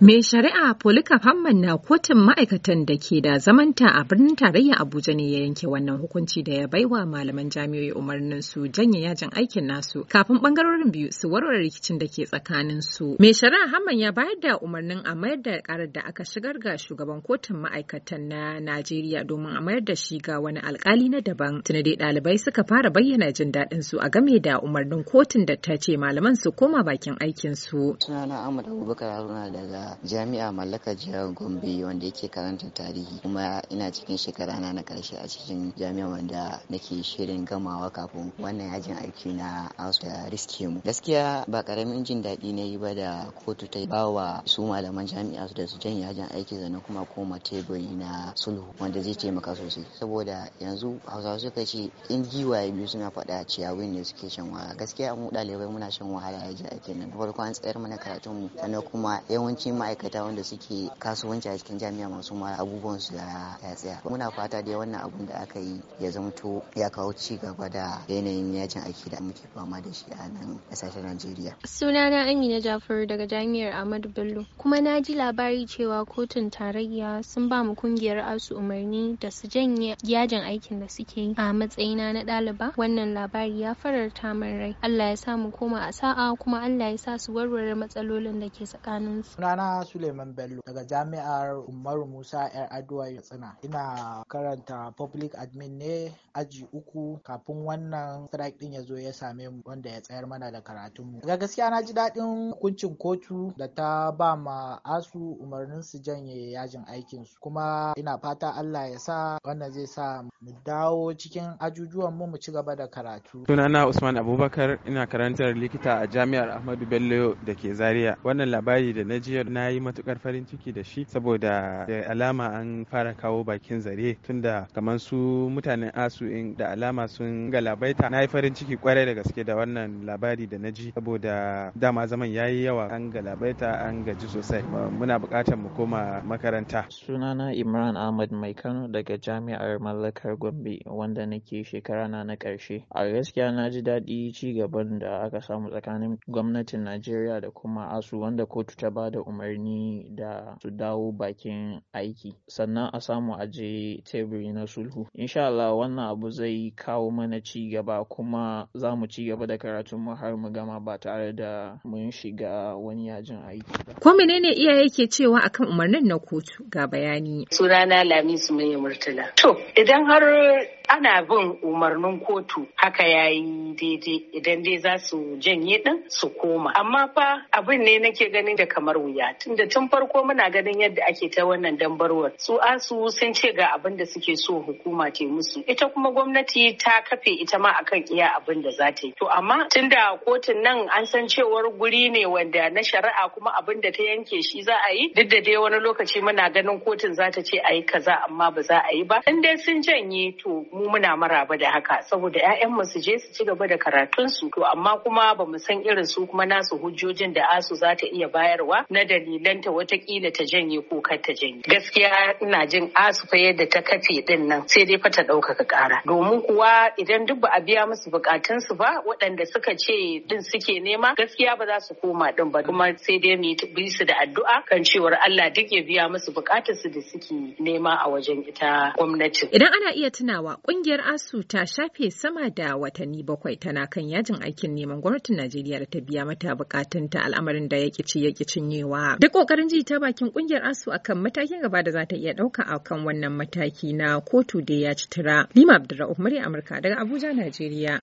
Mai shari'a Polycarp Hamman na kotun ma'aikatan da ke da zamanta a birnin tarayya Abuja ne ya yanke wannan hukunci da ya baiwa malaman jami'o'i umarnin su janye yajin aikin nasu kafin bangarorin biyu su warware rikicin da ke tsakanin su. Mai shari'a Hamman ya bayar da umarnin a mayar da karar da aka shigar ga shugaban kotun ma'aikatan na Najeriya domin a mayar da shi ga wani alkali na daban. Tuna dai ɗalibai suka fara bayyana jin daɗin su a game da umarnin kotun da ta ce malaman su koma bakin aikin su. Sunana Ahmad Abubakar Haruna daga jami'a mallaka jihar gombe wanda yake karantar tarihi kuma ina cikin shekara na na karshe a cikin jami'a wanda nake shirin gamawa kafin wannan yajin aiki na hausa da riske mu gaskiya ba karamin jin daɗi na yi ba da kotu ta ba wa su malaman jami'a su da su jan yajin aiki sannan kuma koma teburi na sulhu wanda zai taimaka sosai saboda yanzu hausawa suka ce in giwaye biyu suna faɗa ciyawin ne suke shan wahala gaskiya mu ɗalibai muna shan wahala yajin aiki nan farko an tsayar mana karatun mu sannan kuma yawancin ma'aikata wanda suke kasuwanci a cikin jami'a masu ma abubuwan su ya tsaya muna fata da wannan abun da aka yi ya zamto ya kawo ci gaba da yanayin yajin aiki da muke fama da shi a nan kasashen Najeriya sunana Amina Jafar daga jami'ar Ahmadu Bello kuma na ji labari cewa kotun tarayya sun ba mu kungiyar asu umarni da su janye yajin aikin da suke yi a matsayina na ɗaliba wannan labari ya fararta min rai Allah ya sa mu koma a sa'a kuma Allah ya sa su warware matsalolin da ke tsakaninsu sunana Suleiman Bello daga Jami'ar Umaru Musa 'yar Aduwa yatsina Ina karanta public admin ne aji uku kafin wannan strike din ya zo ya same mu wanda ya tsayar mana da karatunmu. Daga gaskiya na ji daɗin hukuncin kotu da ta ba ma asu umarnin su janye yajin aikin su kuma ina fata Allah ya sa wannan zai sa mu dawo cikin ajujuwan mu mu ci gaba da karatu. Sunana Usman Abubakar ina karantar likita a Jami'ar Ahmadu Bello da ke Zaria. Wannan labari da na jiya na yi matukar farin ciki da shi saboda da alama an fara kawo bakin zare tunda kamar su mutanen asu in da alama sun galabaita na yi farin ciki kwarai da gaske da wannan labari da na ji saboda dama zaman ya yi yawa an galabaita an gaji sosai muna bukatar mu koma makaranta sunana imran ahmad mai kano daga jami'ar mallakar gombe wanda nake shekara na na karshe a gaskiya na ji daɗi ci gaban da aka samu tsakanin gwamnatin najeriya da kuma asu wanda kotu ta bada da umarni umarni da su dawo bakin aiki sannan a samu aje teburi na sulhu insha Allah wannan abu zai kawo mana ci gaba kuma za mu ci gaba da karatun mu har mu gama ba tare da mun shiga wani yajin aiki ba ko menene iyaye ke cewa akan umarnin na kotu ga bayani sunana Lamisu Mai Murtala to idan har ana bin umarnin kotu haka ya yi daidai idan dai za su janye din su koma amma fa abin ne nake ganin da kamar wuya tunda tun farko muna ganin yadda ake ta wannan dambarwar su asu sun ce ga abin da suke so hukuma ta musu ita kuma gwamnati ta kafe ita ma akan iya abin da za ta yi to amma tunda kotun nan an san cewar guri ne wanda na shari'a kuma abin da ta yanke shi za a yi duk da dai wani lokaci muna ganin kotun za ta ce a yi kaza amma ba za a yi ba in dai sun janye to mu muna maraba da haka saboda 'ya'yanmu su je su ci gaba da karatunsu to amma kuma ba mu san irin su kuma nasu hujjojin da asu za ta iya bayarwa na dalilanta watakila ta janye ko kar ta janye gaskiya ina jin asu fa yadda ta kafe din nan sai dai fa ta ɗaukaka ƙara domin kuwa idan duk ba a biya musu bukatunsu ba waɗanda suka ce din suke nema gaskiya ba za su koma din ba kuma sai dai mu bi su da addu'a kan cewar Allah duk ya biya musu su da suke nema a wajen ita gwamnati idan ana iya tunawa Ƙungiyar ASU ta shafe sama da watanni bakwai tana kan yajin aikin neman gwamnatin Najeriya da ta biya mata bukatun ta al'amarin da ya kici ya cinyewa. Duk ƙoƙarin ji ta bakin ƙungiyar ASU akan matakin gaba da za ta iya a kan wannan mataki na kotu da ya ci tura. Lima Abdulrahman Amurka daga Abuja, Najeriya.